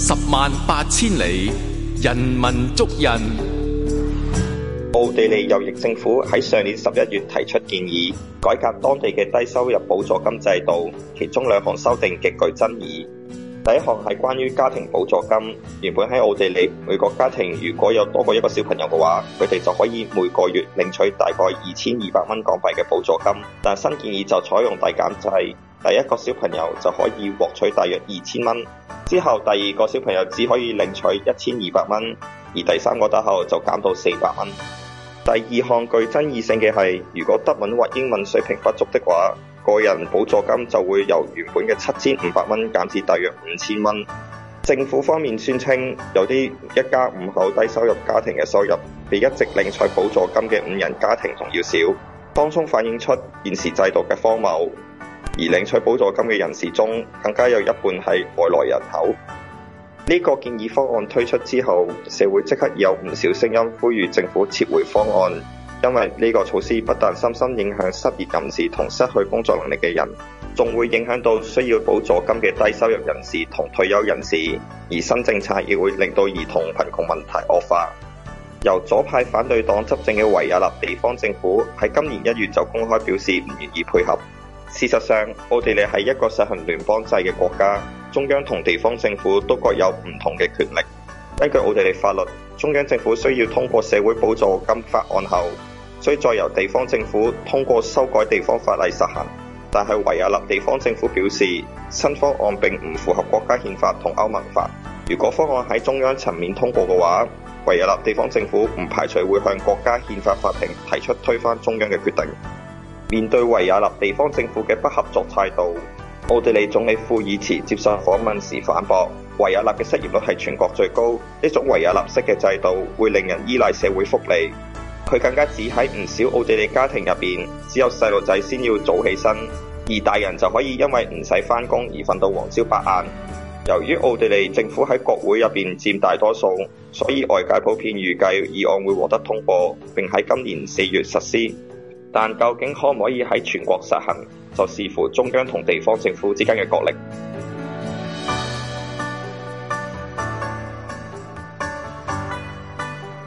十萬八千里，人文足印。奧地利右翼政府喺上年十一月提出建議，改革當地嘅低收入補助金制度，其中兩項修訂極具爭議。第一項係關於家庭補助金。原本喺奧地利，每個家庭如果有多過一個小朋友嘅話，佢哋就可以每個月領取大概二千二百蚊港幣嘅補助金。但新建議就採用遞減制，第一個小朋友就可以獲取大約二千蚊。之後第二個小朋友只可以領取一千二百蚊，而第三個打後就減到四百蚊。第二項具爭議性嘅係，如果德文或英文水平不足的話，個人補助金就會由原本嘅七千五百蚊減至大約五千蚊。政府方面宣稱，有啲一家五口低收入家庭嘅收入，比一直領取補助金嘅五人家庭仲要少，當中反映出現時制度嘅荒謬。而領取補助金嘅人士中，更加有一半係外來人口。呢個建議方案推出之後，社會即刻有唔少聲音呼籲政府撤回方案，因為呢個措施不但深深影響失業人士同失去工作能力嘅人，仲會影響到需要補助金嘅低收入人士同退休人士。而新政策亦會令到兒童貧窮問題惡化。由左派反對黨執政嘅維也納地方政府喺今年一月就公開表示唔願意配合。事實上，奧地利係一個實行聯邦制嘅國家，中央同地方政府都各有唔同嘅權力。根據奧地利法律，中央政府需要通過社會補助金法案後，需再由地方政府通過修改地方法例實行。但係維也納地方政府表示，新方案並唔符合國家憲法同歐盟法。如果方案喺中央層面通過嘅話，維也納地方政府唔排除會向國家憲法法庭提出推翻中央嘅決定。面對維也納地方政府嘅不合作態度，奧地利總理庫爾茨接受訪問時反駁：維也納嘅失業率係全國最高，呢種維也納式嘅制度會令人依賴社會福利。佢更加指喺唔少奧地利家庭入邊，只有細路仔先要早起身，而大人就可以因為唔使翻工而瞓到黃朝白晏。由於奧地利政府喺國會入邊佔大多數，所以外界普遍預計議，議案會獲得通過，並喺今年四月實施。但究竟可唔可以喺全國實行，就視乎中央同地方政府之間嘅角力。